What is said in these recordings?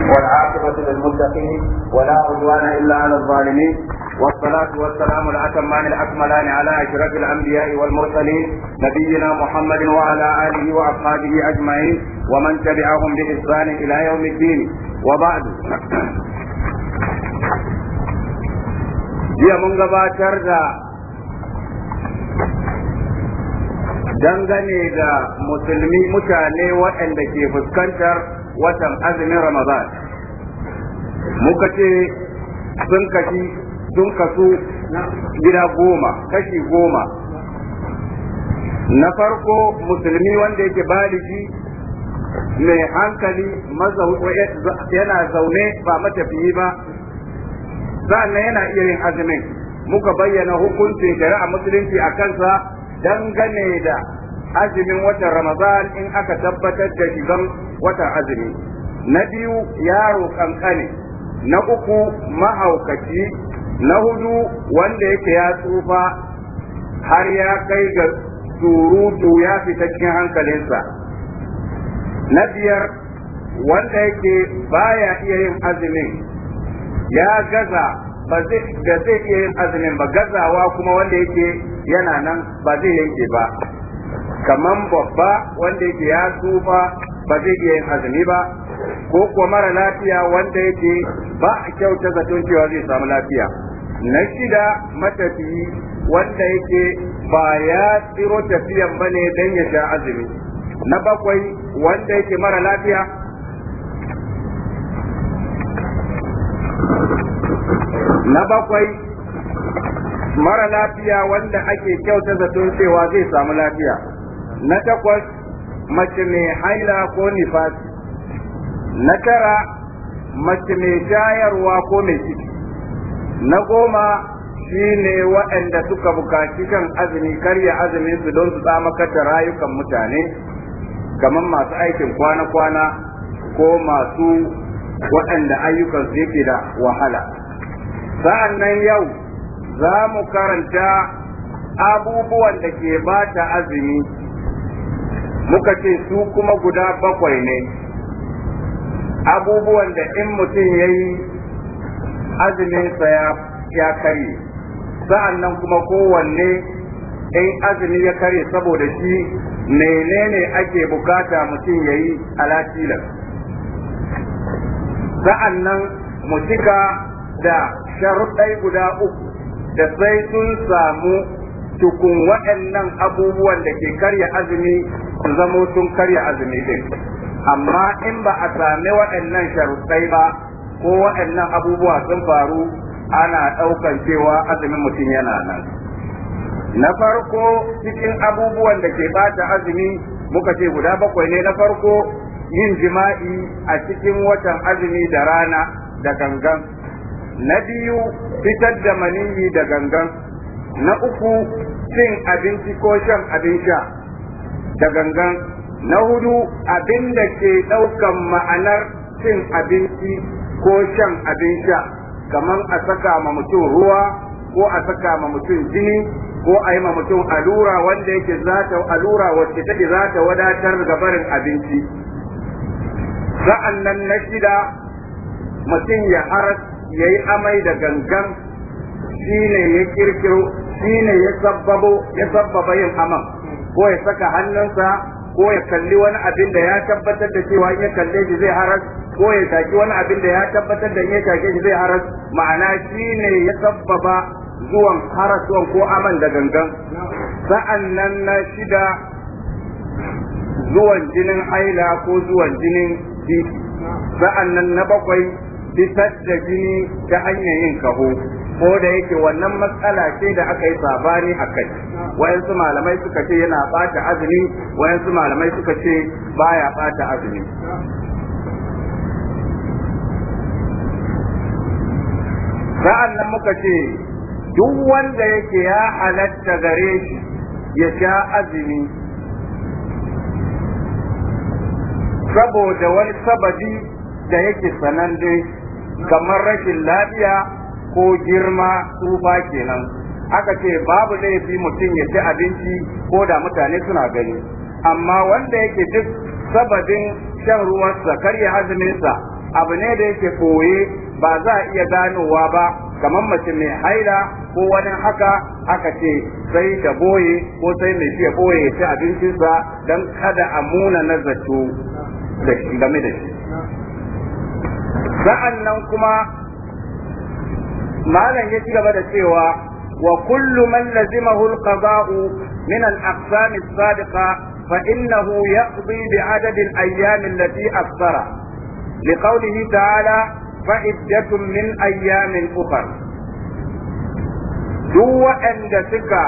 والعاقبة للمتقين ولا عدوان إلا على الظالمين والصلاة والسلام الأتمان الأكملان على أشرف الأنبياء والمرسلين نبينا محمد وعلى آله وأصحابه أجمعين ومن تبعهم بإحسان إلى يوم الدين وبعد jiya mun gabatar da dangane da musulmi mutane waɗanda ke fuskantar watan azumin ramadan muka ce sun kashi sun kasu gida goma kashi goma na farko musulmi wanda yake baliji mai hankali yana zaune ba matafiyi ba sa'annan yana irin yin azumin muka bayyana hukuncin shari'a musulunci a kansa dangane da azumin watan Ramadan in aka tabbatar da shigan watan azumi na biyu yaro kankane na uku mahaukaci na hudu wanda yake ya tsufa har ya kai ga surutu ya fita cikin hankalinsa na biyar wanda yake baya iya yin azumin ya gaza ba zai iya yin azumin ba gazawa kuma wanda yake yana nan ba zai yanke ba kaman babba wanda yake ya tsufa ba zai iya yin azumi ba ko kuwa mara lafiya wanda yake ba a kyauta zaton cewa zai samu lafiya na shida matafiyi wanda yake ba ya tsiro tafiyan ba ne don ya sha azumi na bakwai wanda yake mara lafiya na bakwai mara lafiya wanda ake kyauta zaton cewa zai samu lafiya na takwas mace mai haila ko nifas na tara mace mai shayarwa ko mai ciki na goma shi ne waɗanda suka bukaci kan azumi karya azumin su don su tsamakar da rayukan mutane kamar masu aikin kwana-kwana ko masu waɗanda ayyukan su yake da wahala sa'an nan yau za mu karanta abubuwan da ke bata azumi muka ce su kuma guda bakwai ne abubuwan da in mutum ya yi azuminsa ya karye sa'an nan kuma kowanne in azumi ya karya saboda shi menene ake bukata mutum ya yi alatilar sa'an nan mu cika da sharuɗai guda uku da sai sun samu tukun waɗannan abubuwan da ke karya azumi su zamo sun karya azumi din amma in ba a sami waɗannan sharuɗai ba ko waɗannan abubuwa sun faru ana ɗaukan cewa azumin mutum yana nan na farko cikin abubuwan da ke bata azumi muka ce guda bakwai ne na farko yin jima'i a cikin watan azumi da rana da gangan na biyu fitar da maniyi da gangan na uku cin abinci ko shan abin sha da gangan na hudu abin da ke ɗaukan ma'anar cin abinci ko shan abin sha kamar a saka ma mutum ruwa ko a saka ma mutum jini ko a yi ma mutum alura wanda yake zata alura wacce take za ta wadatar ga barin abinci sa'an nan na shida mutum ya haras ya yi amai da gangan shine ya kirkiro shine ya sabbabo ya sabbaba yin aman ko ya saka hannunsa ko ya kalli wani abin da ya tabbatar da cewa in ya kalle shi zai haras ko ya taki wani abin da ya tabbatar da in ya take shi zai haras ma'ana shine ya sabbaba zuwan haras ko aman da gangan sa'an nan na shida zuwan jinin aila ko zuwan jinin titi sa'an nan na bakwai fitar da jini ta hanyar yin kaho ko da yake wannan matsala ce da aka yi sabani a kai wayansu malamai suka ce yana bata azumi wayansu malamai suka ce baya bata azumi sa'an nan muka ce duk wanda yake ya halatta gare shi ya sha azumi saboda wani sababi da yake sanan kamar rashin lafiya ko girma tsufa kenan aka ce babu laifi mutum ya ci abinci ko da mutane suna gani amma wanda yake duk sabadin shan ruwansa karya azuminsa abu ne da yake koye ba za a iya ganowa ba kamar mace mai haila ko wani haka aka ce sai ta boye ko sai mai fiye boye ya ci abincinsa don kada a muna na zato da shi game da shi sa'an nan kuma malam ya ci gaba da cewa وكل من لزمه القضاء من الأقسام السابقة فإنه يقضي بعدد الأيام التي أكثر لقوله تعالى فعدة من أيام أخر دو أن سكا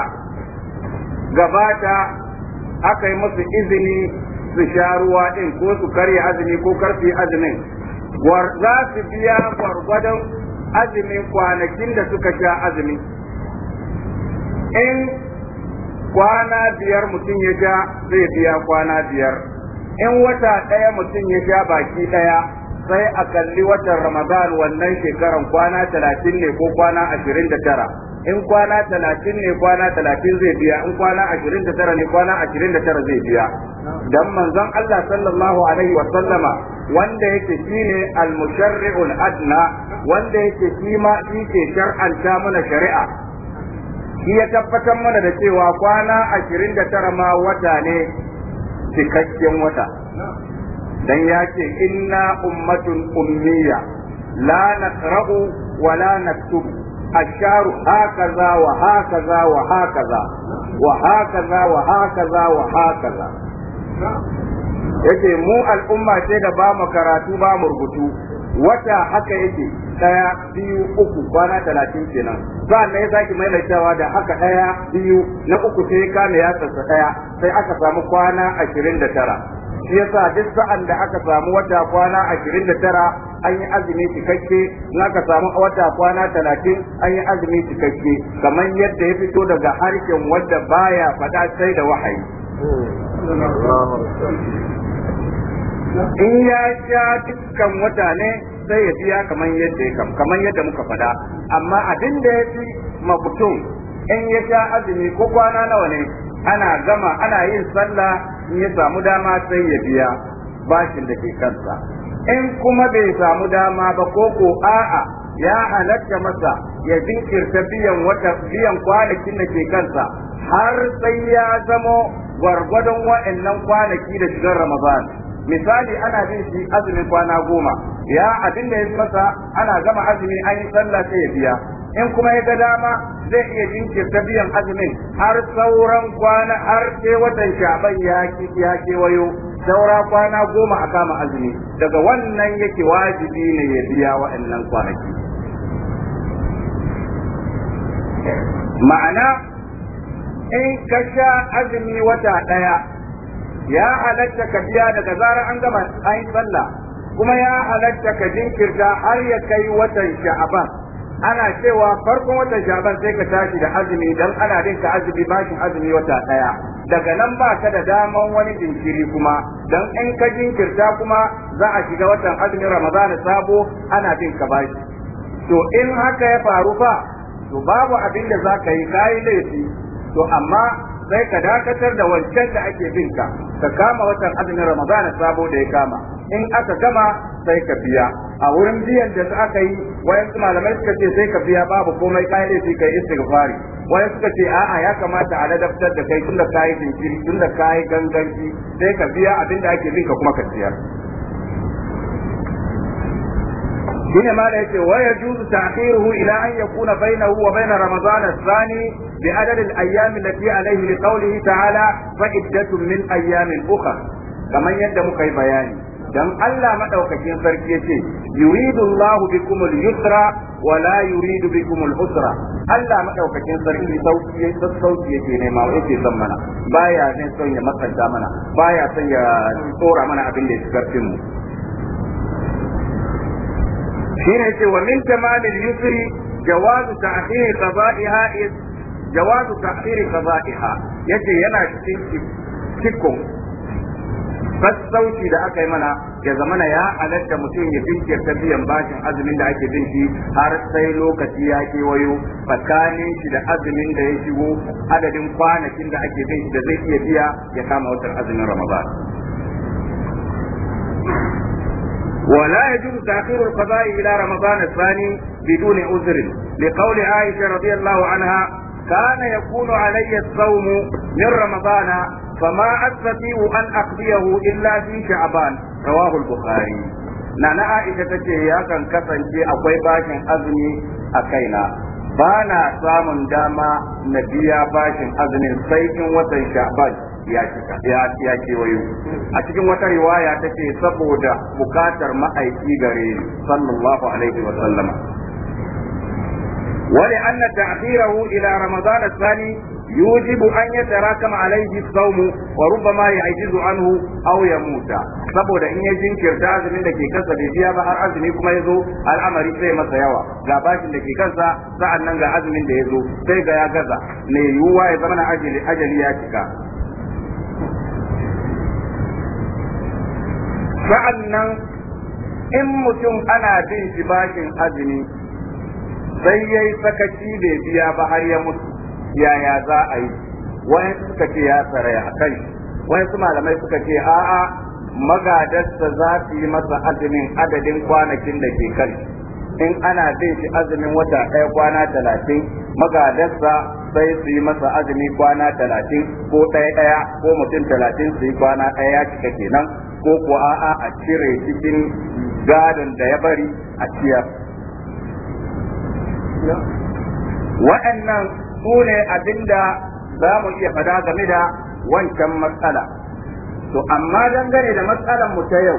gabata aka yi musu izini su sha ruwa ɗin ko su karya azumi ko karfe azumin za su biya gwargwadon azumin kwanakin da suka sha azumi in kwana biyar mutum ya sha zai biya kwana biyar in wata ɗaya mutum ya sha baki ɗaya sai a kalli watan ramadan wannan shekaran kwana talatin ne ko kwana ashirin da tara in kwana talatin ne kwana talatin zai biya in kwana ashirin da tara ne kwana ashirin da tara zai biya dan manzon Allah sallallahu alaihi wa sallama wanda yake ne al-musharri'ul adna wanda yake shi ma yake shar'anta mana shari'a shi ya tabbatar mana da cewa kwana ashirin da tara ma wata ne cikakken wata dan ya ce inna ummatun ummiya la naqra'u wa la naktubu الشهر هكذا وهكذا وهكذا وهكذا وهكذا وهكذا yace mu al'umma ce da ba mu karatu ba mu rubutu wata haka yake daya biyu uku kwana talatin kenan yi ya sake maimaitawa da haka daya biyu na uku sai ne ya sassa daya sai aka samu kwana ashirin da tara shi yasa duk sa'an da aka samu wata kwana ashirin da tara an yi azumi cikakke in aka samu wata kwana talatin an yi azumi cikakke kamar yadda ya fito daga harshen wanda baya faɗa sai da wahayi hmm. in ya sha dukkan mutane sai ya biya kamar yadda ya kamar yadda muka faɗa amma abin da ya fi makutum in ya sha azumi ko kwana nawa ne ana gama ana yin sallah in ya samu dama sai ya biya bashin da ke kansa in kuma bai samu dama ba ko ko a'a ya halatta masa ya jinkirta biyan wata biyan kwanakin da ke kansa har sai ya zamo gwargwadon wa'annan kwanaki da shigar Ramadan misali ana bin shi azumin kwana goma ya abin da ya masa ana gama azumi an yi sallah sai ya biya in kuma ya ga dama zai iya jinkirta biyan azumin har sauran kwana har sai watan sha'ban ya ya kewayo saura kwana goma a kama azumi daga wannan yake wajibi ne ya biya wa'annan kwanaki ma'ana in ka sha azumi wata ɗaya ya halatta ka biya daga zarar an gama an sallah kuma ya halatta ka jinkirta har ya kai watan sha'aban ana cewa farkon watan sha'aban sai ka tashi da azumi dan ana rinka azumi bashin azumi wata ɗaya daga nan ba ka da daman wani jinkiri kuma dan in ka jinkirta kuma za a shiga watan azumin ramadana sabo ana din ka bashi to in haka ya faru ba, to babu abin da za ka yi kayi laifi to amma sai ka dakatar da wancan da ake bin ka ka kama watan azumin ramadana sabo da ya kama in aka gama sai ka biya a wurin biyan da aka yi wayan malamai suka ce sai ka biya babu komai kai ne sai kai istighfari wayan suka ce a'a ya kamata a ladabtar da kai tunda kai jinkiri tunda kai ganganci sai ka biya abinda ake bin ka kuma ka siyar shine ma da yake wa juzu ta'khiruhu ila an yakuna bainahu wa bain ramadan athani bi adad al ayyam allati alayhi li qawlihi ta'ala fa iddatun min ayyamin ukhra kamar yadda muka yi bayani dan Allah madaukakin sarki yace yuridu Allahu bikum al yusra wa la yuridu bikum al usra Allah madaukakin sarki sauki sauki yake nema yake son mana baya ne son ya matsanta mana baya son ya tsora mana abin da ya karfin mu Shi yace cewa min tamalil yusri jawazu ta'khir qada'iha jawazu ta'khir yace yana cikin cikon sassauci da aka yi mana ya zamana ya halatta mutum ya jinkirta biyan bashin azumin da ake bin shi har sai lokaci ya kewayo tsakanin shi da azumin da ya shigo adadin kwanakin da ake bin shi da zai iya biya ya kama watan azumin ramadan ولا يجوز تأخير القضاء إلى رمضان الثاني بدون عذر لقول عائشة رضي الله عنها كان يكون علي الصوم من رمضان فما أستطيع أن أقضيه إلا في شعبان رواه البخاري نعنى عائشة تجي يا كان كسن جي أقوي باشن أذني أكينا بانا صام داما نبيا na أذني bashin وتن شعبان ya cika ya a cikin wata riwaya ta ce saboda bukatar ma'aiki gare ni sallallahu alaihi wa sallama ramadan تأخيره إلى an الثاني يوجب alaihi samu عليه الصوم وربما يعجز anhu aw يموت saboda in ya jinkirta azumin da ke kansa bai biya ba har azumi kuma ya zo al'amari sai masa yawa ga bashin da ke kansa sa'an nan ga azumin da ya zo sai ga ya gaza ne yiwuwa ya zama na ajali ya cika sa'annan in mutum ana bin shi bashin azumi sai yayi sakaci bai biya ba har ya mutu yaya za a yi wani suka ce ya tsaraya a kai wani su malamai suka ce a'a magadarsa za su yi masa azumin adadin kwanakin da ke kai in ana bin shi azumin wata ɗaya kwana talatin magadarsa sai su yi masa azumi kwana talatin ko ɗaya ɗaya ko mutum talatin su yi kwana ɗaya cika kenan ko ko a'a a cire cikin gadon da ya bari a ciyar. Waɗannan su ne abinda za mu iya fada game da wancan matsala. To amma dangane da matsalan mu ta yau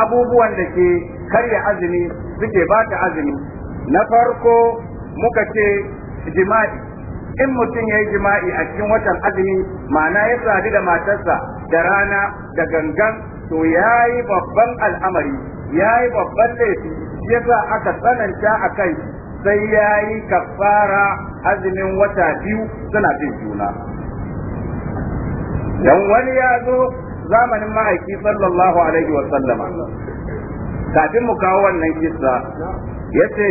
abubuwan da ke karya azumi suke bata azumi na farko muka ce jima'i in mutum ya yi jima'i a cikin watan azumi ma'ana ya sadu da matarsa da rana da gangan to ya yi babban al'amari ya yi babban laifi yasa aka tsananta a kai sai ya yi kafara azumin wata biyu suna jin juna dan wani ya zo zamanin ma'aiki sallallahu alaihi wa sallama kafin mu kawo wannan kissa yace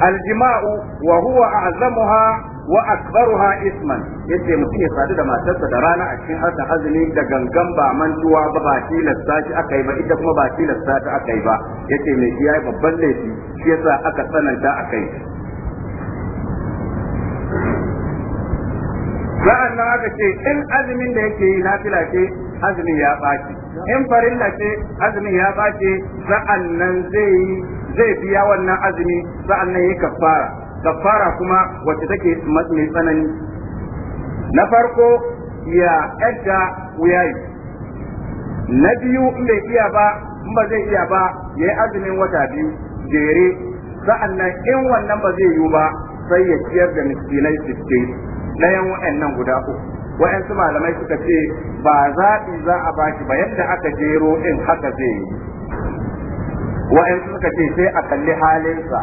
aljima'u wa huwa a'zamuha wa akbaruha isman yace mutum ya sadu da matarsa da rana a cikin harta azumi da gangan ba mantuwa ba ba tilasta shi aka yi ba ita kuma ba tilasta ta aka yi ba yace mai shi babban laifi shi yasa aka tsananta akai sa'an nan aka ce in azumin da yake yi na filace. azumi ya ɓaci in farilla ce azumi ya ɓaci sa'annan zai yi zai biya wannan azumi sa'annan yi kafara kafara kuma wacce take mai tsanani na farko ya yadda wuyayi na biyu in bai iya ba in ba zai iya ba ya yi azumin wata biyu jere sa'annan in wannan ba zai yiwu ba sai ya ciyar da miskinai sittin ɗayan wa'annan guda uku wa'yansu malamai suka ce ba zaɓi za a bashi ba yadda aka jero in haka zai yi wa'yansu suka ce sai a kalli halinsa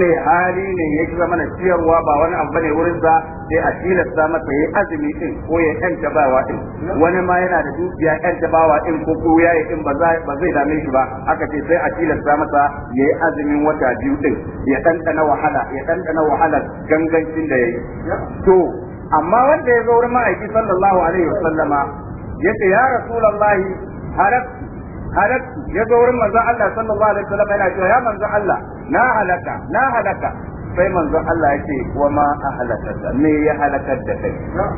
ne hali ne ya ki zama na ciyarwa ba wani abu bane wurin sai a tilasta masa yi azumi in ko ya yan tabawa in. wani ma yana da dukiya yan tabawa in ko ko yi in ba zai dame shi ba aka ce sai a tilasta masa yi azumin wata biyu din ya ɗanɗana wahala ya ɗanɗana wahala gangancin da yayi to amma wanda ya zo wurin ma'aiki sallallahu alaihi wa sallama, ya ce ya rasulullahi halaktu halaktu ya zo wurin manzon Allah sallallahu alaihi sallama yana cewa ya manzo Allah na halaka na halaka sai manzo Allah yake wa ma ahlakaka me ya halakar da kai sai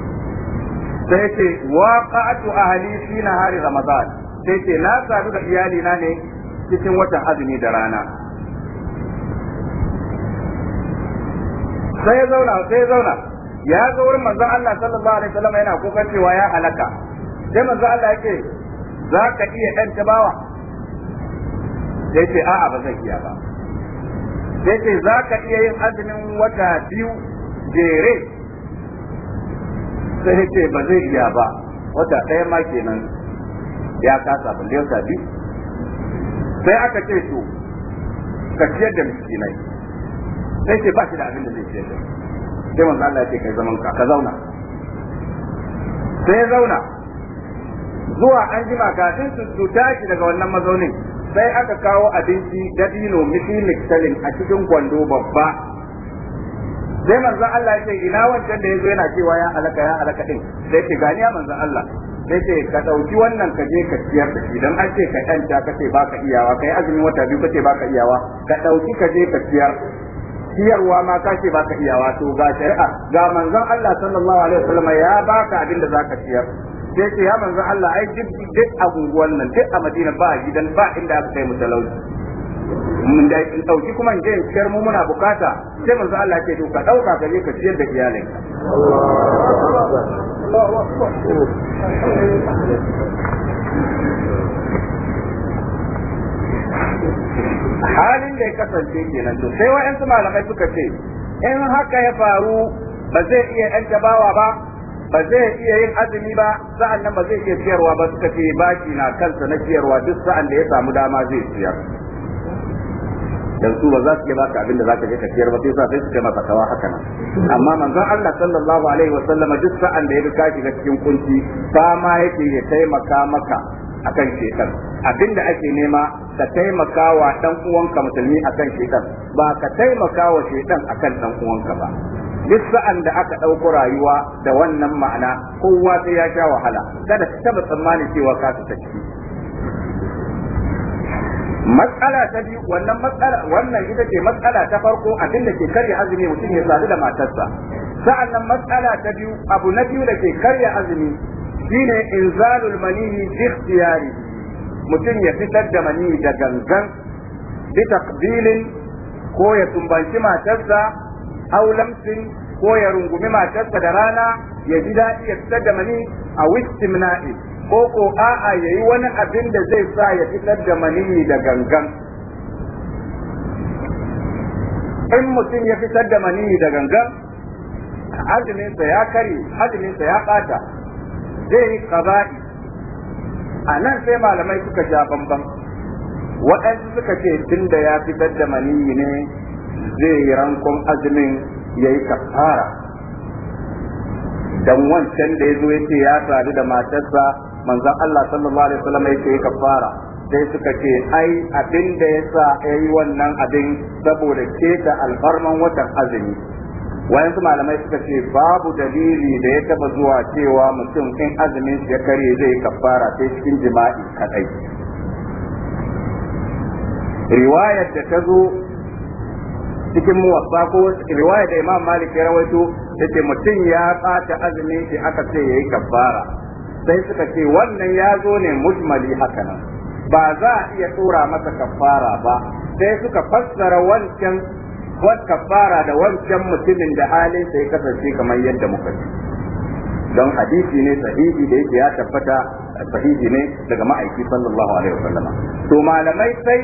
yake waqa'atu ahli fi nahari ramadan sai yake na sadu da iyali na ne cikin watan azumi da rana sai ya zauna sai ya zauna ya ga wurin manzon Allah sallallahu alaihi wasallam yana kukan cewa ya halaka sai manzon Allah yake za ka iya ɗan bawa sai ce a'a ba zan iya ba sai ce za ka iya yin azumin wata biyu jere sai ce ba zai iya ba wata ɗaya ma kenan ya kasa ba, balle wata biyu sai aka ce to ka ciyar da nai sai ce ba shi da abin da zai ciyar da sai manzo Allah ya ce kai zaman ka ka zauna sai zauna zuwa an jima kafin su shi daga wannan mazaunin sai aka kawo abinci dabino mishi miktalin a cikin kwando babba sai manzo Allah ya ce ina wancan da yazo yana cewa ya alaka ya alaka din sai ce gani ya manzo Allah sai ce ka dauki wannan ka je ka ciyar da shi dan an ce ka danta ka ce baka iyawa kai azumin wata biyu ka ce baka iyawa ka dauki ka je ka ciyar siyarwa ma ka ce baka iya wato ga shari'a ga manzon Allah sallallahu alaihi wasallam ya baka abin da zaka siyar sai ce ya manzon Allah ai duk duk a unguwan nan duk a Madina ba gidan ba inda aka kai mutalauci mun da in dauki kuma in je in mu muna bukata sai manzon Allah ke to ka dauka ka je ka ciyar da iyalinka Allah halin da ya kasance kenan to sai su malamai suka ce in haka ya faru ba zai iya yan bawa ba ba zai iya yin azumi ba sa'an nan ba zai iya siyarwa ba suka ce baki na kansa na siyarwa duk sa'an da ya samu dama zai siyar dan su ba za su iya baka abin da za ka je ka siyar ba sai sa sai su kai masa kawa haka nan amma manzon Allah sallallahu alaihi wa sallama duk sa'an da ya ga ka shiga cikin kunci fama yake ya taimaka maka akan shedan abinda ake nema ka taimaka wa dan uwanka musulmi akan shekar ba ka taimaka wa shedan akan ɗan uwanka ba duk sa'an da aka ɗauko rayuwa da wannan ma'ana kowa sai ya sha wahala kada ka taba tsammani cewa ka ta ciki matsala ta biyu wannan matsala wannan ita ce matsala ta farko abin da ke karya azumi mutum ya sadu da matarsa sa'an nan matsala ta biyu abu na biyu da ke karya azumi shine inzalul maniyi bi ikhtiyari mutum ya fitar da mani da gangan bi taqbilin ko ya tumbanci matarsa aw lamsin ko ya rungumi matarsa da rana ya ji daɗi ya fitar da mani a wistimna'i ko ko a'a yayi wani abin da zai sa ya fitar da mani da gangan in mutum ya fitar da mani da gangan azuminsa ya kare azuminsa ya bata zai yi qaba'i a nan sai malamai suka ja bamban waɗansu suka ce tun da ya fitar da maniyi ne zai yi rankon azumin ya yi kafara dan wancan da ya zo ya ce ya sadu da matarsa manzon Allah sallallahu alaihi wasallam ya ce ya kafara sai suka ce ai abin da ya sa ya yi wannan abin saboda keta alfarman watan azumi Wayan su malamai suka ce babu dalili da ya taba zuwa cewa mutum in azumin ya kare zai kafara sai cikin jima'i kadai riwayar da ta zo cikin muwaffa ko riwayar da imam malik ya rawaito da ce mutum ya bata azumin shi aka ce yayi kafara sai suka ce wannan ya zo ne mujmali hakanan, ba za a iya tura masa kafara ba sai suka fassara wancan wat kafara da wancan mutumin da halin sai kasance kamar yadda muka ce don hadisi ne sahihi da yake ya tabbata sahihi ne daga ma'aiki sallallahu alaihi wasallama to malamai sai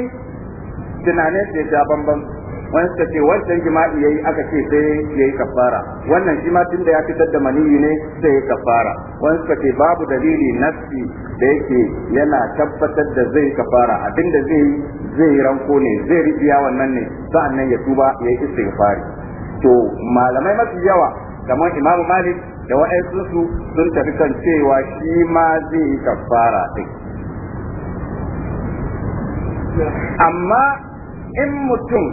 tunanin sai ta bambam wani suka ce wancan jima'i yayi aka ce sai yayi kafara wannan shi ma tunda ya fitar da maniyi ne sai yayi kafara wani suka ce babu dalili nafsi da yake yana tabbatar da zai kafara abinda zai zai ranko ne zai rijiya wannan ne sa'annan ya tuba yayi istighfari to malamai mafi yawa kamar Imam Malik da wa'ansu su sun tafi kan cewa shi ma zai yi kafara din amma in mutum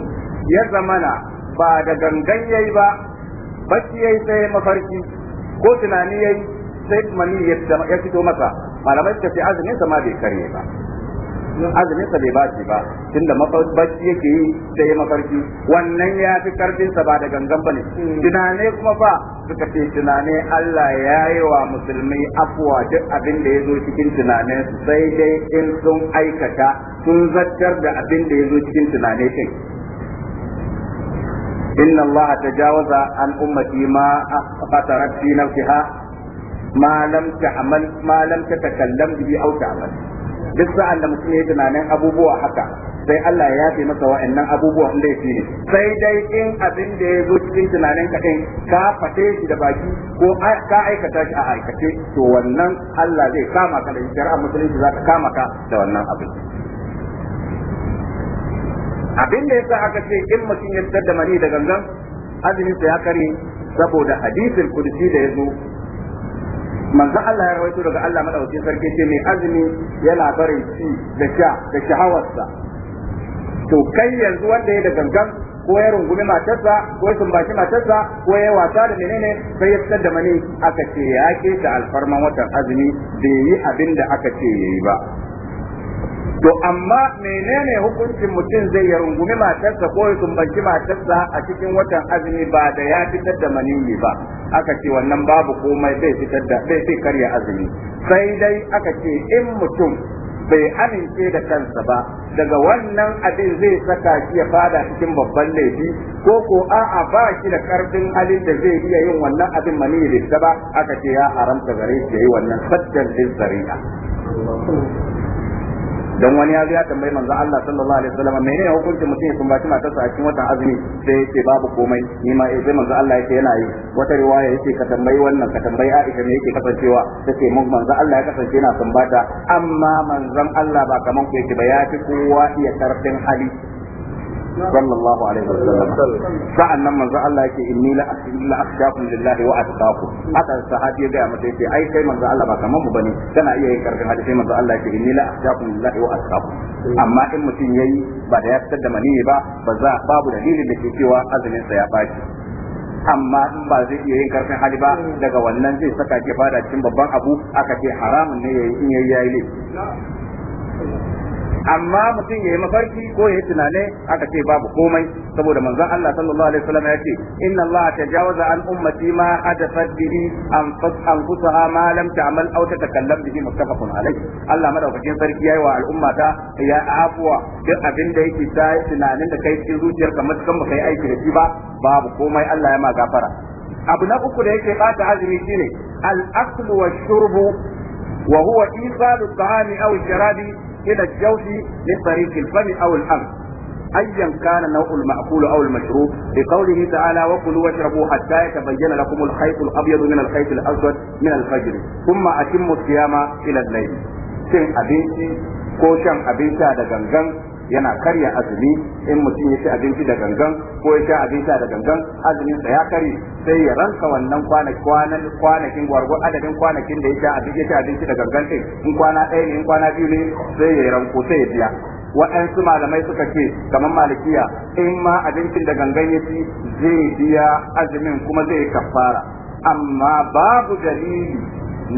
ya zamana ba da gangan yayi ba bacci yayi sai mafarki ko tunani yayi sai mani ya fito masa malamai suka ce azumin sa ma bai karye ba azumin sa bai baci ba tunda mafarki yake yi sai mafarki wannan ya fi karfin sa ba da gangan bane mm. tunane kuma fa suka ce tunane Allah ya yi wa musulmi afuwa duk abin da ya zo cikin tunane sai dai in sun aikata sun zartar da abin da ya zo cikin tunane din إن الله تجاوز عن أمتي ما قترت في نفسها ما لم تعمل ما لم تتكلم به أو تعمل duk sa'an da يدنا من tunanin abubuwa haka sai Allah ya yafe masa wa'annan abubuwan laifi ne sai dai in abin da ya zo cikin tunanin ka din ka fate shi da baki ko ka aikata shi a aikace to wannan Allah zai kama ka da shari'a musulunci za ka kama ka da wannan abin abin da yasa aka ce in mutum ya tsada mani da gangan azumin sa ya kare saboda hadisin kudusi da yazo manzo Allah ya rawaito daga Allah madaukakin sarki ce mai azumi yana barin ci da sha da shahawarsa to kai yanzu wanda ya da gangan ko ya rungumi matarsa ko ya sumbaci matarsa ko ya wasa da menene sai ya tsada da mani aka ce ya keta alfarman watan azumi bai yi abin da aka ce yayi ba to amma menene hukuncin mutum zai ya rungumi matarsa ko ya sumbanci matarsa a cikin watan azumi ba da ya fitar da maniyi ba aka ce wannan babu komai bai fitar da bai sai karya azumi sai dai aka ce in mutum bai amince da kansa ba daga wannan abin zai saka shi ya fada cikin babban laifi ko ko a'a ba shi da karfin halin da zai iya yin wannan abin maniyi da ba aka ce ya haramta gare shi yayi wannan saddan din zari'a dan wani ya zo ya tambayi manzon Allah sallallahu alaihi wasallam menene hukuncin mutum ya sumbaci matarsa a cikin watan azumi sai ce babu komai ni ma eh, sai manzon Allah yake yana yi wata riwaya yace ka tambayi wannan ka tambayi Aisha me yake kasancewa sai mun manzon Allah ya kasance yana sumbata amma manzon Allah ba kaman ku yake ba ya fi kowa iya karfin hali صلى الله عليه وسلم nan من Allah الله يكي la لا akhshakum lillahi wa atqakum haka sahabi ga mata yake ai kai manzo Allah ba kaman mu bane kana iya yin karfin hadisi manzo Allah yake inni la akhshakum wa atqakum amma in mutum yayi ba da ya fitar da mani ba ba za babu dalilin da ke cewa azumin sa ya amma in ba zai iya yin karfin hali ba daga wannan zai saka ke fada cikin babban abu aka ce haramun ne yayi in yayi yayi amma mutum ya yi mafarki ko yayi tunane aka ce babu komai saboda manzon Allah sallallahu alaihi wasallam ya ce inna Allah tajawaza an ummati ma hadathat bihi anfusaha ma lam ta'mal aw tatakallam bihi muttafaqun alai. Allah madaukakin sarki yayi wa al'umma ta ya afuwa duk abin da yake ta tunanin da kai cikin zuciyar kamar kan baka yi aiki da shi ba babu komai Allah ya ma gafara abu na uku da yake bata azumi shine al-aklu wa shurbu wa huwa isalu ta'ami aw sharabi إلى الجوف من طريق الفم أو الأنف أيا كان نوع المأكول أو المشروب لقوله تعالى وكلوا واشربوا حتى يتبين لكم الخيط الأبيض من الخيط الأسود من الفجر ثم أتموا الصيام إلى الليل. Cin abinci ko shan abin sha da gangan yana karya azumi in mutum ya ci abinci da gangan ko ya sha abinci da gangan azumin sa ya karye sai ya ranka wannan kwanakin kwanakin gwargo adadin kwanakin da ya sha abin ya ci abinci da gangan sai in kwana ɗaya ne in kwana biyu ne sai ya ranko sai ya biya waɗansu malamai suka ce kamar malikiya in ma abincin da gangan ya ci zai biya azumin kuma zai kafara amma babu dalili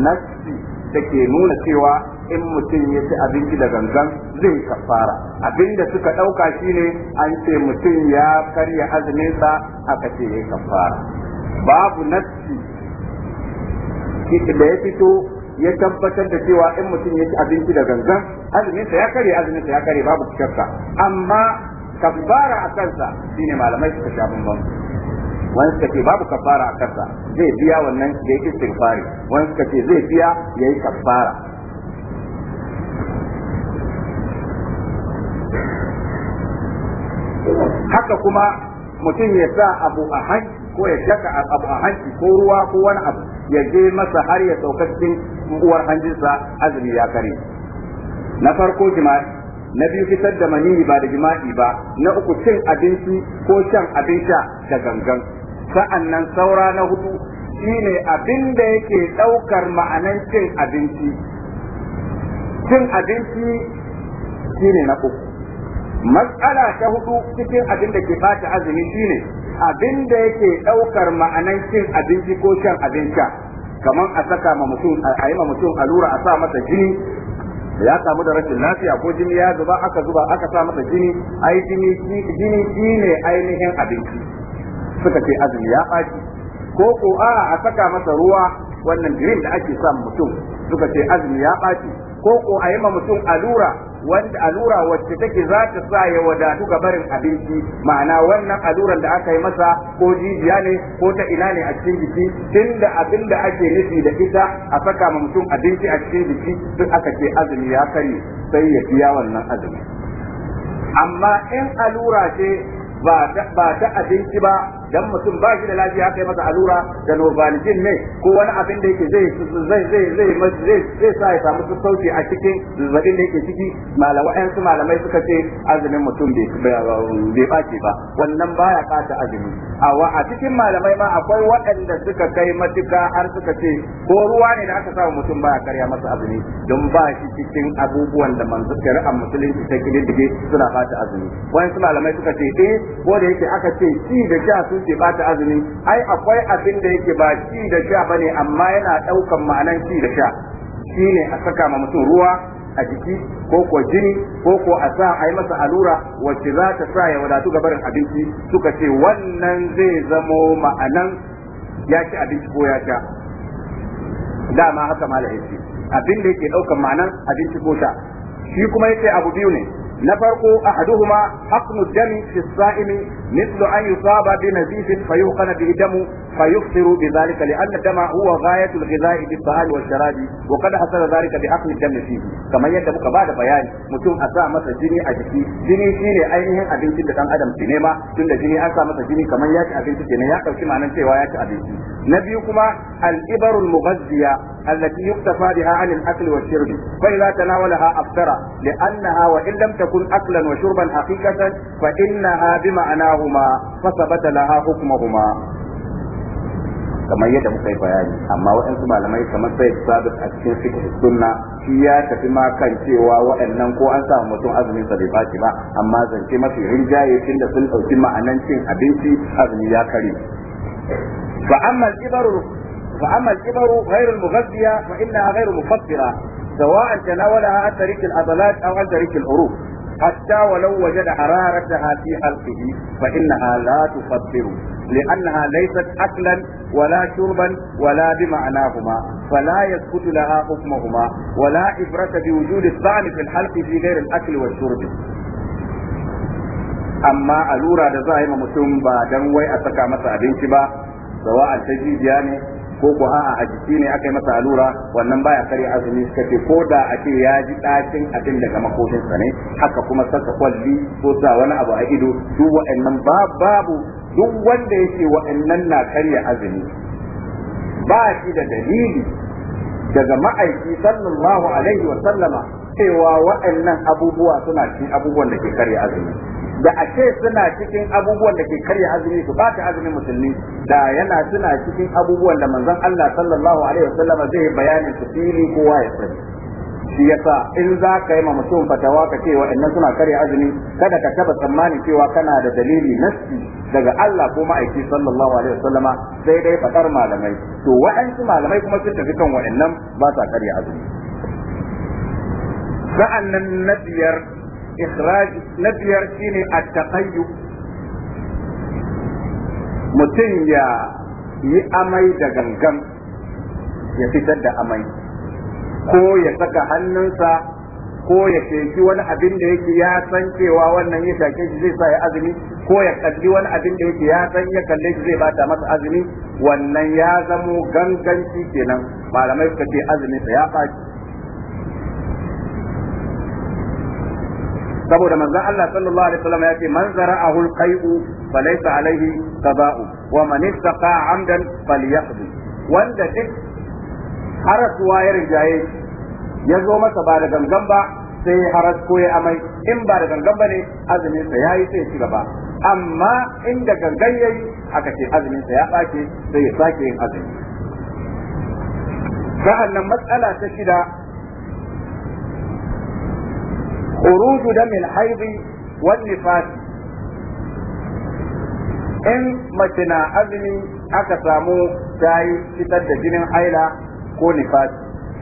nassi da ke nuna cewa in mutum ya ci abinci da gangan zai kafara abinda suka ɗauka shine an ce mutum ya karya azuminsa aka ce ya kafara babu nassi da ya fito ya tabbatar da cewa in mutum ya ci abinci da gangan azuminsa ya karya azuminsa ya karya babu shakka amma kafara a kansa shine malamai suka sha bambam wani suka ce babu kafara a kansa zai biya wannan ya yi istighfari wani suka ce zai biya ya yi kafara haka kuma mutum ya sa abu a hanci ko ya shaka abu a hanci ko ruwa ko wani abu ya je masa har ya sauka cikin uwar hanjinsa azumi ya kare na farko jima'i na biyu fitar da maniyi ba da jima'i ba na uku cin abinci ko shan abin sha da gangan Sa'annan saura na hudu shine abin da yake ɗaukar ma'anan cin abinci cin abinci shine na uku matsala ta hudu cikin abin da ke bata azumi shine abin da yake daukar ma'anan cin abinci ko shan abin sha kamar a saka ma mutum a yi ma mutum alura a sa masa jini ya samu da rashin lafiya ko jini ya zuba aka zuba aka sa masa jini ai jini jini shine ainihin abinci suka ce azumi ya ɓaci ko ko a a saka masa ruwa wannan green da ake sa mutum suka ce azumi ya ɓaci ko ko a yi ma mutum alura wanda allura wacce take za ta sa ya wadatu ga barin abinci ma'ana wannan alluran da aka yi masa ko jijiya ne ko ta ina ne a cikin jiki tunda abin da ake nufi da ita a saka ma mutum abinci a cikin jiki duk aka ce azumi ya karye sai ya biya wannan azumi amma in allura ce ba ta abinci ba dan mutum ba shi da lafiya kai masa allura da novalgin ne ko wani abin da yake zai zai zai zai zai zai sa ya samu sauki a cikin zazzabin da yake ciki malamai su malamai suka ce azumin mutum bai bace ba wannan baya kata azumi a cikin malamai ma akwai waɗanda suka kai matuka har suka ce ko ruwa ne da aka sa mutum baya karya masa azumi don ba shi cikin abubuwan da manzo a musulunci ta kididdige suna bata azumi Wani su malamai suka ce eh ko da yake aka ce ci da ja sun ke bata azumi ai akwai abin da yake ba ci da sha bane amma yana daukan ma'anan ci da sha shine a saka ma mutum ruwa a jiki ko ko jini ko ko a sa a yi masa allura wacce za ta sa ya wadatu ga barin abinci suka ce wannan zai zamo ma'anan ya ci abinci ko ya sha dama haka malam yace abin da yake daukan ma'anan abinci ko sha shi kuma yace abu biyu ne نفرق أحدهما حقن الدم في الصائم مثل أن يصاب بنزيف فيوقن به دم فيفطر بذلك لأن الدم هو غاية الغذاء بالطعام والشراب وقد حصل ذلك بحقن الدم فيه كما يندم بعد بيان mutum a sa masa jini a jiki jini shine ainihin abincin da dan adam ke nema tunda jini an sa masa jini kamar ya ci abinci kenan ya cewa ya ci abinci na biyu kuma al'ibarun ibarul التي يكتفى بها عن الأكل والشرب فإذا تناولها أفطر لأنها وإن لم تكن أكلا وشربا حقيقة فإنها بمعناهما فثبت لها حكمهما kamar yadda muka yi bayani amma waɗansu malamai kamar sai sabit a cikin fiqh sunna shi ya tafi ma kan cewa waɗannan ko an samu mutum azumin sa bai faci ba amma zance mafi rinjaye tun da sun ɗauki ma'anan cin abinci azumi ya kare fa amma ibarul وأما الإبر غير المغذية فإنها غير مفطرة سواء تناولها عن طريق العضلات أو عن طريق الحروف حتى ولو وجد حرارتها في حلقه فإنها لا تفطر لأنها ليست أكلا ولا شربا ولا بمعناهما فلا يسقط لها حكمهما ولا عبرة بوجود الطعن في الحلق في غير الأكل والشرب أما ألورا da za a yi mutum ba don wai a saka masa abinci ba, sawa a ta jijiya ne ko ko a'a a jiki ne aka yi masa allura wannan baya kare azumi suka ce ko da a ce ya ji ɗacin abin daga makocinsa ne haka kuma saka kwalli ko sa wani abu a ido duk wa'annan babu duk wanda yake wa'annan na karya azumi ba shi da dalili daga ma'aiki sallallahu alaihi wa sallama cewa wa'annan abubuwa suna cikin abubuwan da ke karya azumi da a ce suna cikin abubuwan da ke karya azumi su bata azumin musulmi da yana suna cikin abubuwan da manzon Allah sallallahu alaihi wasallam zai bayani su fili kowa ya sani shi yasa in za ka yi ma mutum fatawa ka ce wa'annan suna karya azumi kada ka taba tsammanin cewa kana da dalili nasi daga Allah ko ma'aiki sallallahu alaihi wasallama sai dai fadar malamai to wa'ansu malamai kuma sun tafi kan wa'annan ba sa karya azumi sa'annan na biyar ikhraji na biyar shine at-taqayyu mutum ya yi amai da gangan ya fitar da amai ko ya saka hannunsa ko ya sheki wani abin da yake ya san cewa wannan ya shake shi zai sa ya azumi ko ya kalli wani abin da yake ya san ya kalle shi zai bata masa azumi wannan ya zamo ganganci kenan malamai suka ce azumin sa ya ɓaci saboda manzon Allah sallallahu alaihi wasallam ya ce man zara'ahu alqai'u falaysa alaihi qada'u wa man ittaqa amdan falyaqdi wanda duk harasuwa ya rijaye ya zo masa ba da gangan ba sai ya haras ko ya amai in ba da gangan ba ne azumin sa yayi sai ya ci gaba amma inda gangan yayi aka ce azumin sa ya bace sai ya sake yin azumi sa'annan matsala ta shida khuruju damin haidi wan nifas in mace na azumi aka samu tayi fitar da jinin haila ko nifas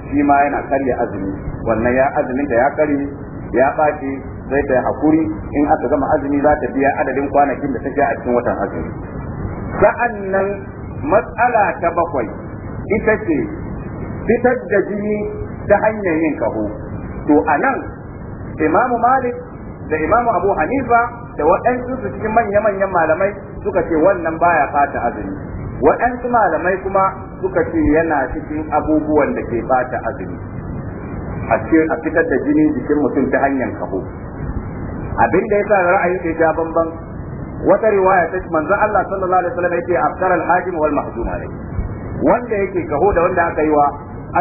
shi ma yana karya azumi wannan ya azumin da ya karye ya ɓaci zai ta hakuri in aka gama azumi za ta biya adadin kwanakin da ta sha a cikin watan azumi sa'an nan matsala ta bakwai ita ce fitar da jini ta hanyar yin kaho to a nan imamu malik da imamu abu hanifa da waɗansu su cikin manya-manyan malamai suka ce wannan baya fata azumi waɗansu malamai kuma suka ce yana cikin abubuwan da ke bata azumi a cikin a fitar da jini jikin mutum ta hanyar kaho abin da yasa ra'ayi ke ja bamban wata riwaya ta manzon Allah sallallahu alaihi wasallam yake afkar al-hakim wal mahzum alai wanda yake kaho da wanda aka yi wa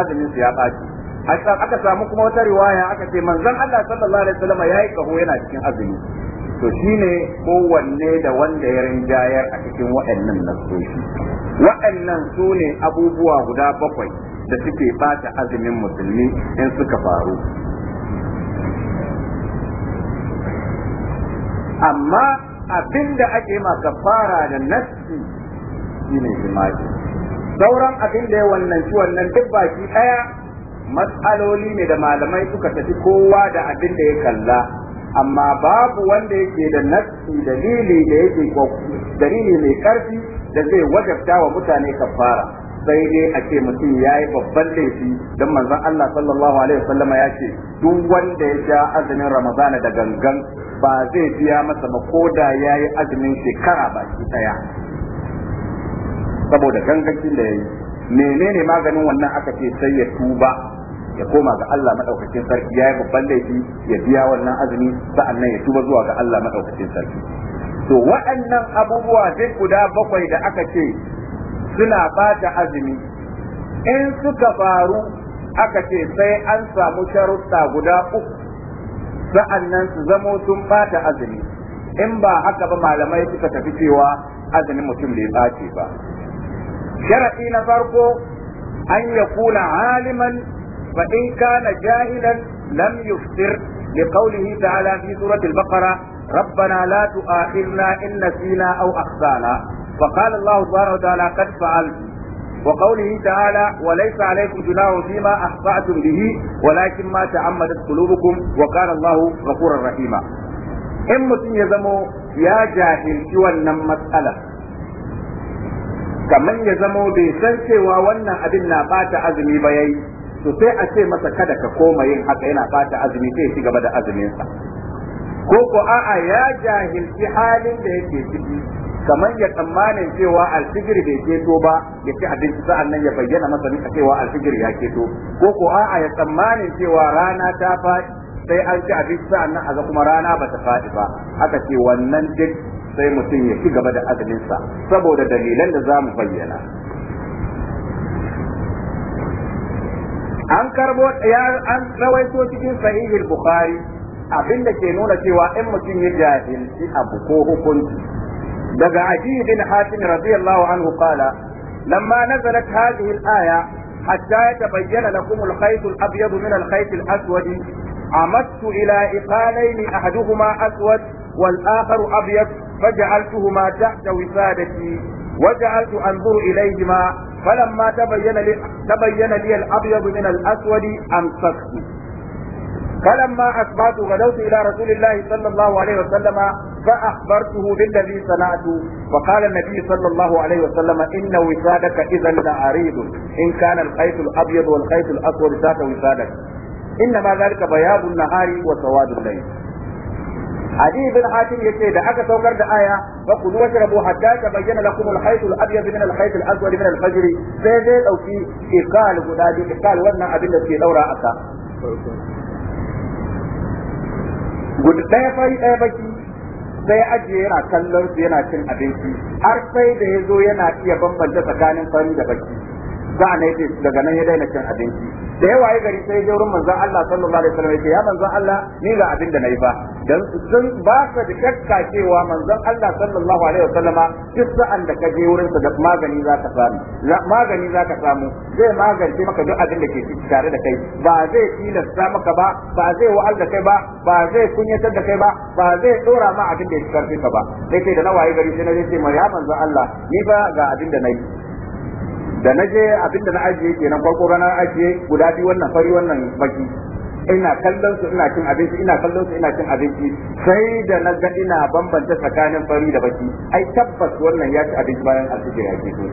azumin su ya baci aka samu kuma wata riwaya aka ce manzon Allah sallallahu alaihi wasallam yayi kaho yana cikin azumi to shine kowanne da wanda ya rinjayar a cikin waɗannan nasoshi waɗannan su ne abubuwa guda bakwai da suke bata azumin musulmi in suka faru amma abinda ake ma kafara da nassi shine jima'i sauran abin da ya wannan shi wannan duk baki daya matsaloli ne da malamai suka tafi kowa da abin da ya kalla amma babu wanda yake da nassi dalili da yake dalili mai karfi da zai wajabta wa mutane kafara sai dai a ce mutum ya yi babban laifi don manzon Allah sallallahu alaihi wasallama ya ce duk wanda ya ja azumin Ramadana da gangan ba zai biya masa ba ko da ya yi azumin shekara ba baki daya saboda gangancin da ya yi menene maganin wannan aka ce sai ya tuba ya koma ga Allah madaukakin sarki ya yi babban laifi ya biya wannan azumi sa'annan ya tuba zuwa ga Allah madaukakin sarki to waɗannan abubuwa duk guda bakwai da aka ce suna bata azumi in suka faru aka ce sai an samu sharuɗa guda uku sa'annan su zamo sun bata azumi in ba haka ba malamai suka tafi cewa azumin mutum bai bace ba sharaɗi na farko an ya kuna haliman فإن كان جاهلا لم يفطر لقوله تعالى في سورة البقرة ربنا لا تؤاخذنا إن نسينا أو أخطأنا فقال الله سبحانه وتعالى قد فعلت وقوله تعالى وليس عليكم جناح فيما أخطأتم به ولكن ما تعمدت قلوبكم وكان الله غفورا رحيما إن متن يا جاهل سوى jahilci wannan matsala kamar ya zamo bai san cewa wannan to sai a ce masa kada ka koma yin haka yana bata azumi sai ci gaba da azuminsa ko ko a'a ya jahilci halin da yake ciki kamar ya tsammanin cewa alfijir bai keto ba ya ci abinci sa'an nan ya bayyana masa a cewa alfijir ya keto ko ko a'a ya tsammanin cewa rana ta faɗi sai an ci abinci sa'an nan a ga kuma rana bata faɗi ba haka ce wannan duk sai mutum ya ci gaba da azuminsa saboda dalilan da za mu bayyana an karbo ya an rawaito cikin sahihul bukhari abin da ke nuna cewa in mutum ya jahilci abu ko hukunci daga aji bin hatim radiyallahu anhu qala lamma nazalat hadhihi al-aya hatta yatabayyana lakum al-khayt al-abyad min al-khayt al-aswad amattu ila iqalayn ahaduhuma aswad wal-akhar abyad فجعلتهما تحت وسادتي وجعلت انظر اليهما فلما تبين لي تبين لي الابيض من الاسود امسكت فلما اصبحت غدوت الى رسول الله صلى الله عليه وسلم فاخبرته بالذي صنعت وقال النبي صلى الله عليه وسلم ان وسادك اذا لعريض ان كان الخيط الابيض والخيط الاسود ذات وسادك انما ذلك بياض النهار وسواد الليل ali ibn hatim ce da aka saukar da aya fa kulu washrabu hatta tabayyana lakum al-khayt al-abyad min al-khayt al-aswad min al-fajr sai zai dauki iqal guda bi iqal wannan abin da suke daura aka guda ɗaya fari ɗaya baki sai ajiye yana kallon su yana cin abinci har sai da ya zo yana iya bambanta tsakanin fari da baki sa'an yace daga nan ya daina cin abinci da yawa ya gari sai ya wurin manzon Allah sallallahu alaihi wasallam yace ya manzon Allah ni ga abin da nayi fa dan sun ba ka da shakka cewa manzon Allah sallallahu alaihi wasallam duk sa'an da ka je wurin sa da magani za ka samu magani za ka samu zai magance maka duk abin da ke tare da kai ba zai tilasta maka ba ba zai wa'al da kai ba ba zai kunyatar da kai ba ba zai dora ma abin da ya karfe ka ba sai da nawaye gari sai na ce ma ya manzon Allah ni ba ga abin da nayi da na je abinda na ajiye nan farko na ajiye guda biyu wannan fari wannan baki ina kallon su ina cin abinci ina kallon su ina cin abinci sai da na ga ina bambanta tsakanin fari da baki ai tabbas wannan ya ci abinci bayan alfijir ya ke sosai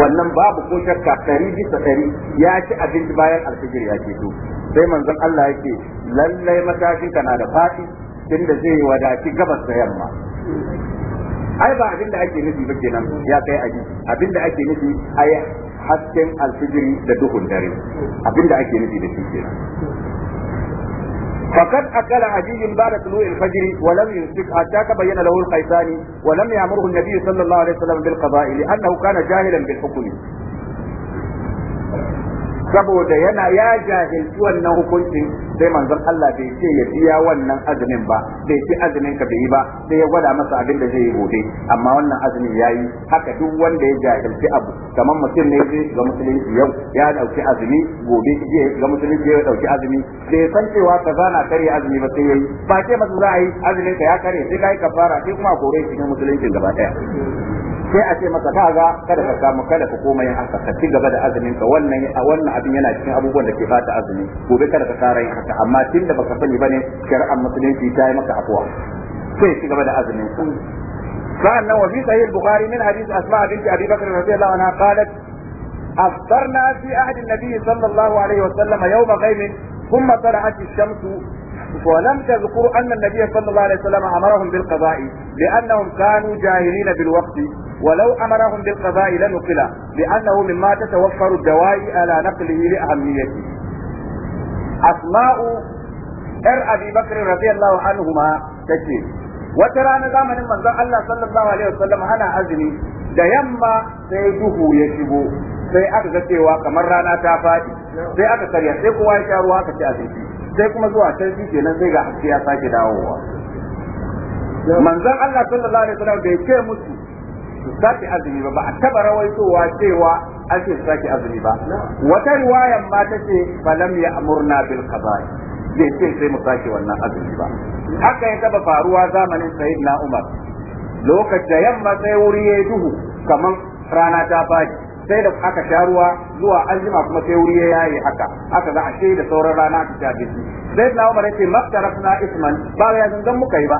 wannan babu ko shakka tsari bisa tsari, ya ci abinci bayan alfijir ya ke so sai manzon Allah yake lallai matashin kana da fadi tunda zai wadaci gabas da yamma ai ba abin da ake nufi ba kenan ya kai aji abin da ake nufi ai hasken alfijiri da duhun dare abin da ake nufi da shi kenan فقد أكل عدي بعد طلوع الفجر ولم يمسك حتى تبين له القيساني ولم يأمره النبي صلى الله عليه وسلم بالقضاء لأنه كان جاهلا بالحكم saboda yana ya jahilci wannan hukuncin sai manzon Allah bai ce ya biya wannan azumin ba bai ce azumin ka bai yi ba sai ya gwada masa abin da zai yi gobe amma wannan azumin yayi haka duk wanda ya jahilci abu kamar mutum ne zai shiga musulunci yau ya dauki azumi gobe je ga musulunci ya dauki azumi bai san cewa ka zana kare azumi ba sai yayi ba ce masa za a yi azumin ka ya kare sai kai kafara sai kuma kore shi ne musuluncin gaba daya sai a ce maka kaga kada ka samu kada ka komai haka ka ci gaba da azumin ka wannan a wannan abin yana cikin abubuwan da ke bata azumi gobe kada ka fara yin haka amma tunda baka sani bane shari'ar musulunci ta yi maka afuwa sai ci gaba da azumin ka sa'annan wa fi sahih al-bukhari min hadith asma binti abi bakr radiyallahu anha qalat أفطرنا في عهد النبي صلى الله عليه وسلم يوم غيم ثم طلعت الشمس ولم تذكروا أن النبي صلى الله عليه وسلم أمرهم بالقضاء لأنهم كانوا جاهلين بالوقت ولو أمرهم بالقضاء لنقلا لأنه مما تتوفر الدواعي على نقله لأهميته أسماء ‘yar Abi Bakr radiyallahu anhu ma tace wata rana zamanin manzon Allah sallallahu alaihi wasallam ana azumi da yamma sai duhu ya shigo sai aka ga cewa kamar rana ta faɗi sai aka karya sai kowa ya sha ruwa aka ci abinci sai kuma zuwa can shi kenan sai ga haske ya sake dawowa manzon Allah sallallahu alaihi wasallam bai ce musu su sake azumi ba ba a taba rawaitowa cewa an ce su sake azumi ba wata riwayan ma ta ce falam ya amurna bil qada'i bai ce sai mu sake wannan azumi ba haka ya taba faruwa zamanin sayyidina umar lokacin da yamma sai wuri ya duhu kamar rana ta baki sai da aka sha ruwa zuwa anjima kuma sai wuri ya yaye haka aka ga ashe da sauran rana ta sha sai na umar ya ce mastarafna isman ba ya zan muka yi ba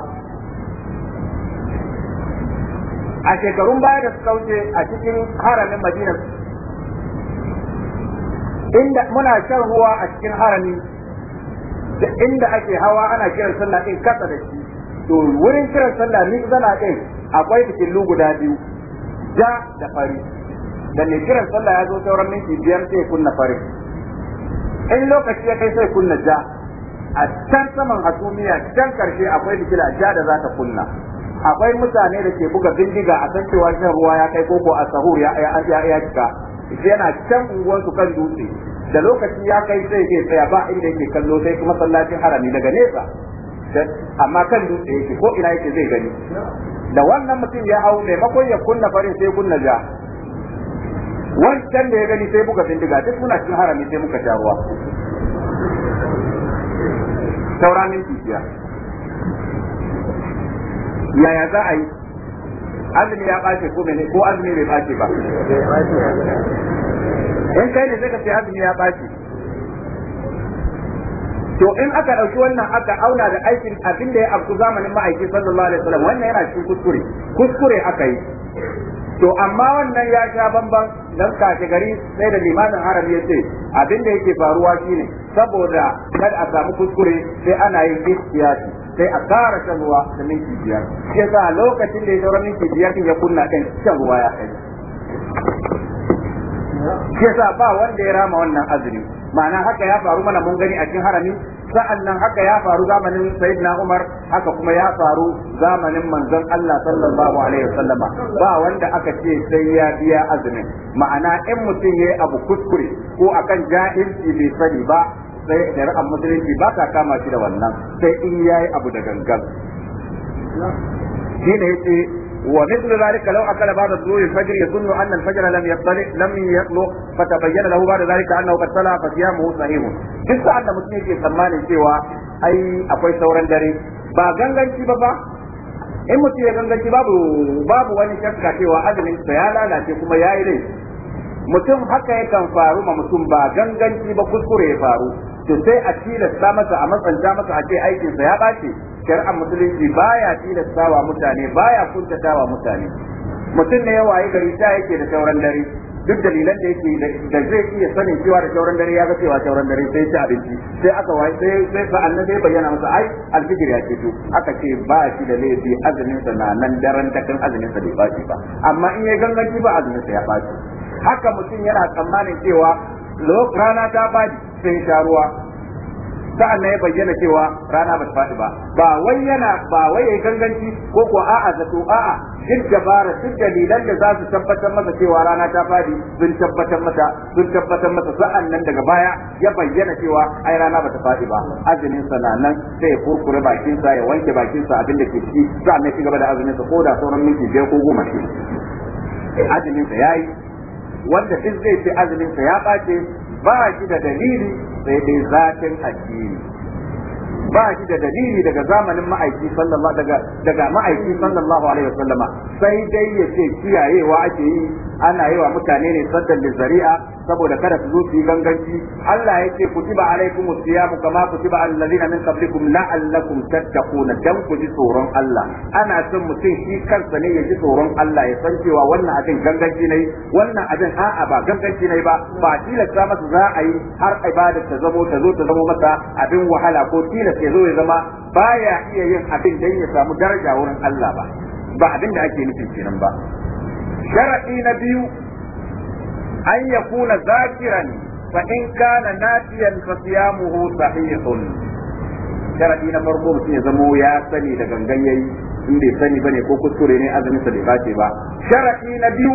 a shekarun baya da suka wuce a cikin haramin madina inda muna shan ruwa a cikin harami da inda ake hawa ana kiran sallah din kasa da shi to wurin kiran sallah ni zana din akwai fitillu guda biyu ja da fari da ne kiran sallah ya zo sauran minti biyar sai kunna fari in lokaci ya kai sai kunna ja a can saman hasumiya can karshe akwai fitila ja da za ta kunna akwai mutane da ke buga bindiga a san cewa shan ruwa ya kai koko a sahur ya ya cika yana can su kan dutse da lokaci ya kai sai ke tsaya ba inda yake kallo sai kuma sallacin harami daga nesa amma kan dutse yake ko ina yake zai gani da wannan mutum ya hau maimakon ya kunna farin sai kunna ja wancan da ya gani sai buga bindiga duk muna cikin harami sai muka sha ruwa saura yaya za a yi azumi ya ɓace ko mene ko azumi bai ɓace ba in kai ne sai ka ce azumi ya ɓace to in aka ɗauki wannan aka auna da aikin abin da ya abu zamanin ma'aiki sallallahu alaihi wasallam wannan yana cikin kuskure kuskure aka yi to amma wannan ya sha bamban dan kace gari sai da limamin haram ya ce abin da yake faruwa shine saboda kada a samu kuskure sai ana yin istiyasi sai a kara shan ruwa da minti biyar shi yasa lokacin da ya saura minti biyar ya kunna kan shan ruwa ya kai shi yasa ba wanda ya rama wannan azumi ma'ana haka ya faru mana mun gani a cikin harami sa'an nan haka ya faru zamanin sayyidina Umar haka kuma ya faru zamanin manzon Allah sallallahu alaihi wasallama ba wanda aka ce sai ya biya azumin ma'ana in mutum yayi abu kuskure ko akan jahilci bai sani ba sai shari'ar musulunci ba ta kama shi da wannan sai in yayi abu da gangan shi ne yace ومثل ذلك لو أكل بعد طلوع الفجر يظن أن الفجر لم يطلع لم يطلع a له بعد ذلك أنه قد طلع فصيامه صحيح duk sa'an da mutum yake tsammanin cewa ai akwai sauran dare ba ganganci ba ba in mutum ya ganganci babu wani shakka cewa azumin sa ya lalace kuma ya yi mutum haka yakan faru ma mutum ba ganganci ba kuskure ya faru to sai a tilasta masa a matsanta masa a ce aikin sa ya bace shari'ar musulunci baya wa mutane baya wa mutane mutum ne ya waye gari ta yake da sauran dare duk dalilan da yake da zai iya sanin cewa da sauran dare ya ga cewa sauran dare sai ci abinci sai aka waye sai sai fa annabi bayyana masa ai alfijir ya to aka ce ba shi da laifi azumin sa na nan daren ta kan azumin sa bai ba amma in ya ganganci ba azumin sa ya baci haka mutum yana tsammanin cewa rana ta fadi sai ta ruwa sa'an nan ya bayyana cewa rana ba ta faɗi ba ba wai yana ba wai ya ganganci ko ko a'a zato a'a duk dabara duk dalilan da za su tabbatar masa cewa rana ta faɗi sun tabbatar masa sun tabbatar masa sa'an nan daga baya ya bayyana cewa ai rana ba ta faɗi ba azumin sa na nan sai ya kurkure bakin sa ya wanke bakin sa abin da ke ciki sa'an nan ya ci gaba da azumin sa ko da sauran minti biyar ko goma ce azumin sa yayi wanda duk zai fi azumin sa ya bace ba shi da dalili sai dai zatin addini ba shi da dalili daga zamanin ma'aiki sallallahu daga daga ma'aiki sallallahu alaihi wasallama sai dai ya ce kiyayewa ake yi ana yi wa mutane ne saddan zari'a saboda kada su zo su yi ganganci Allah ya ce kutiba alaikum siyamu kama kutiba alal ladina min qablikum la'allakum tattaquna dan ku ji tsoron Allah ana son mutum shi kansa ne ya ji tsoron Allah ya san cewa wannan abin ganganci ne wannan abin a'a ba ganganci ne ba ba tilasta masa za a yi har ibada ta zamo ta zo ta zamo masa abin wahala ko tilasta ya zo ya zama baya iya yin abin dan ya samu daraja wurin Allah ba ba abin da ake nufin kenan ba sharadi na biyu an yakuna zakiran fa in kana nafiyan fa siyamuhu sahihun sharadi na farko mutum ya zamo ya sani da gangan yayi in bai sani bane ko kuskure ne azumin sa bai bace ba sharadi na biyu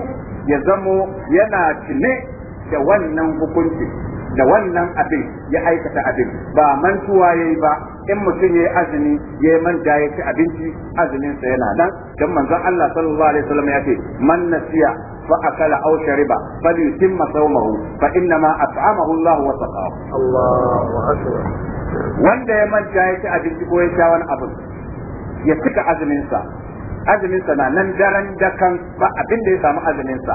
ya zamo yana tune da wannan hukunci da wannan abin ya aikata abin ba mantuwa yayi ba in mutum yayi azumi yayi manta ya ci abinci azumin sa yana nan dan manzon Allah sallallahu alaihi wasallam ya ce man nasiya فأكل أو شرب فليتم صومه فإنما أطعمه الله وسقاه الله أكبر wanda ya manta ya ci abinci ko ya sha wani abu ya cika azuminsa azuminsa na nan daren dakan ba abin da ya samu azuminsa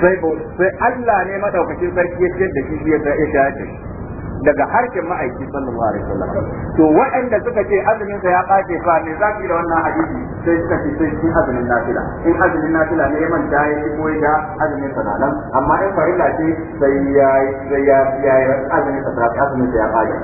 sai sai Allah ne madaukakin sarki ya ce da shi ya sha shi daga harshen ma'aiki sallallahu alaihi wasallam to waɗanda suka ce azumin sa ya bace fa me zaki da wannan hadisi sai suka ce sai shi azumin nafila in azumin nafila ne man da ya ko da azumin sa nan amma in farilla ce sai ya sai ya ya azumin sa da azumin sa ya bace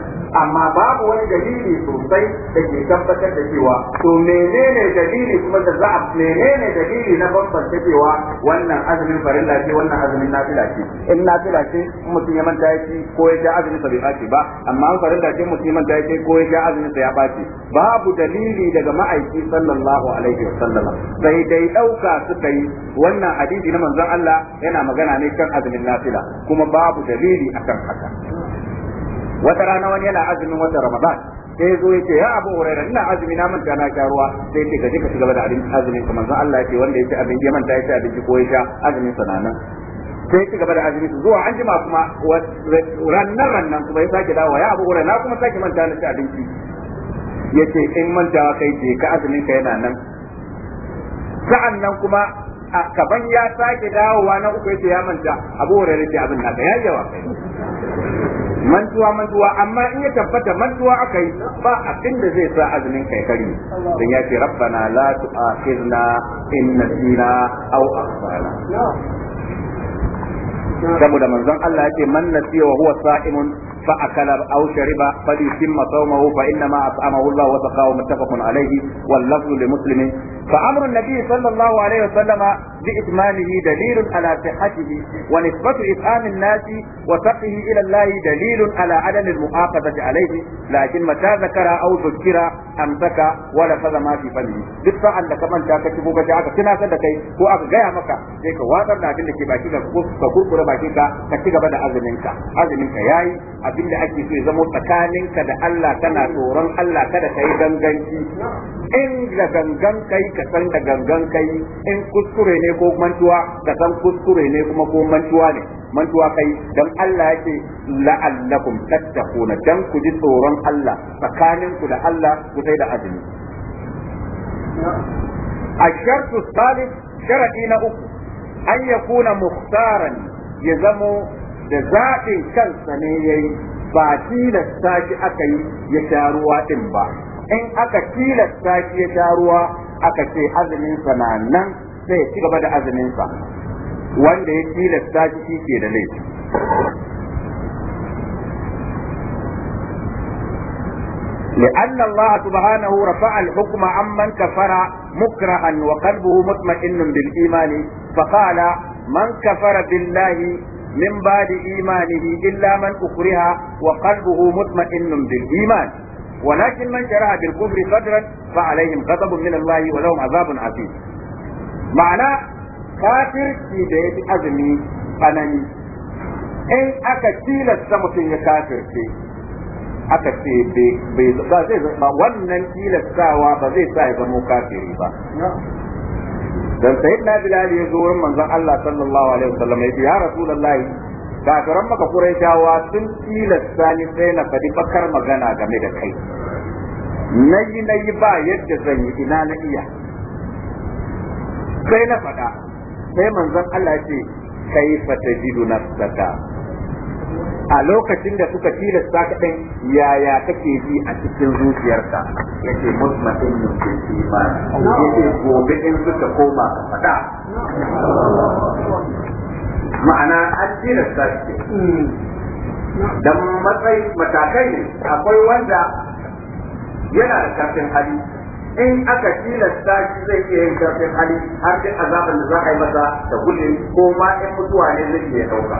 amma babu wani dalili sosai da ke tabbatar da cewa to menene dalili kuma da za a menene dalili na bambanta cewa wannan azumin farilla ce wannan azumin nafila ce in nafila ce mutum ya manta ya ko ya da azumin sa ɓaci ba amma an farin ce musulman ta yake ko ya azumin sa ya ɓaci babu dalili daga ma'aiki sallallahu alaihi wa sallam sai dai ɗauka suka yi wannan hadisi na manzon Allah yana magana ne kan azumin nafila kuma babu dalili akan haka wata rana wani yana azumin wata ramadan sai zo yake ya abu hurairah ina azumi na manta na sha ruwa sai yake gaje ka shiga da azumin kuma manzon Allah yake wanda yake abin ya manta yake abin ko ya sha azumin sa nan sai ci gaba da azumi zuwa an jima kuma ranar ranar kuma ya sake dawa ya abu na kuma sake manta na ci abinci yace in wa kai je ka azumin ka yana nan sa'an nan kuma a kaban ya sake dawowa na uku yace ya manta abu hurairah ce abin naka ya yawa kai mantuwa mantuwa amma in ya tabbata mantuwa akai ba abin da zai sa azumin kai kari dan ya ce rabbana la tu'akhirna in nasina aw akhtana saboda manzon Allah yake man nasiya wa huwa sa'imun فأكل أو شرب فليتم صومه فإنما أطعمه الله وسقاه متفق عليه واللفظ لمسلم فأمر النبي صلى الله عليه وسلم بإتمامه دليل على صحته ونسبة إطعام الناس وسقه إلى الله دليل على عدم المؤاخذة عليه لكن متى ذكر أو ذكر أمسك ولفظ ما في فمه duk sa'an da ka manta ka shigo ka aka tunatar da kai ko aka gaya maka sai ka watsar da abin da ke baki ka kurkure bakin ka ka ci gaba da azumin ka azumin ka yayi abin da ake so ya zama tsakaninka da Allah kana tsoron Allah kada ka yi ganganci in da gangan kai ka san da gangan kai in kuskure ne ko mantuwa ka san kuskure ne kuma ko mantuwa ne mantuwa kai dan Allah yake la'allakum tattaquna dan ku ji tsoron Allah tsakaninku da Allah ku sai da azumi الشرط الثالث شرعي أخو أن يكون مختارا يزمو da zaɓin kansa ne ya yi ba tilasta shi aka yi ya sha ruwa ɗin ba in aka tilasta shi ya sha ruwa aka ce azuminsa na nan sai ya ci gaba da azuminsa wanda ya tilasta shi ke da laifi لأن الله سبحانه رفع الحكم عمن كفر مكرها وقلبه مطمئن بالإيمان فقال من كفر بالله min ba'di imanihi illa man ukriha wa qalbuhu mutma'innun bil iman ولكن من جرح بالكفر صدرا فعليهم غضب من الله ولهم عذاب عظيم معنى كافر في أزمي tsanani in aka tilasta mutum ya aka ce ba zai wannan tilastawa ba zai sa ya zama kafiri ba dan na bilal ya zo wurin manzon Allah sallallahu alaihi wasallam yace ya rasulullahi karam maka quraishawa sun tilasta Sani sai na fadi bakar magana game da kai nayi nayi ba yadda zan yi ina na iya sai na fada sai manzon Allah ya ce kaifa tajidu nafsaka a lokacin da suka tilasta ka ɗin yaya kake ji a cikin zuciyarka ya ce mutmain ke ke ba ya ce gobe in suka koma ka faɗa ma'ana an tilasta shi dan matsayi matakai ne akwai wanda yana da karfin hali in aka tilasta shi zai iya yin karfin hali har sai azaban da za a yi masa da kulle ko ma in mutuwa ne zai iya dauka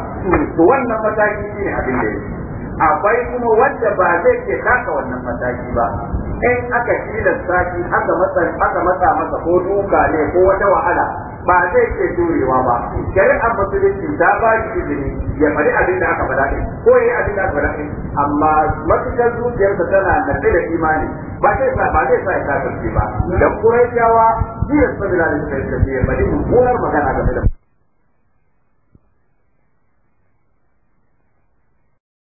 to wannan mataki ne abin da ya akwai kuma wanda ba zai ke taka wannan mataki ba in aka tilasta shi aka matsa masa ko duka ne ko wata wahala ba zai iya jurewa ba da musulunci ta ba shi izini ya fari abin da aka faɗa ɗin ko yi abin da aka faɗa ɗin amma matuƙar zuciyarsa tana naɗe da imani ba zai sa ba zai sa ya kasance ba da kuraitawa jiya sabila da shi ya faɗi mummunar magana game da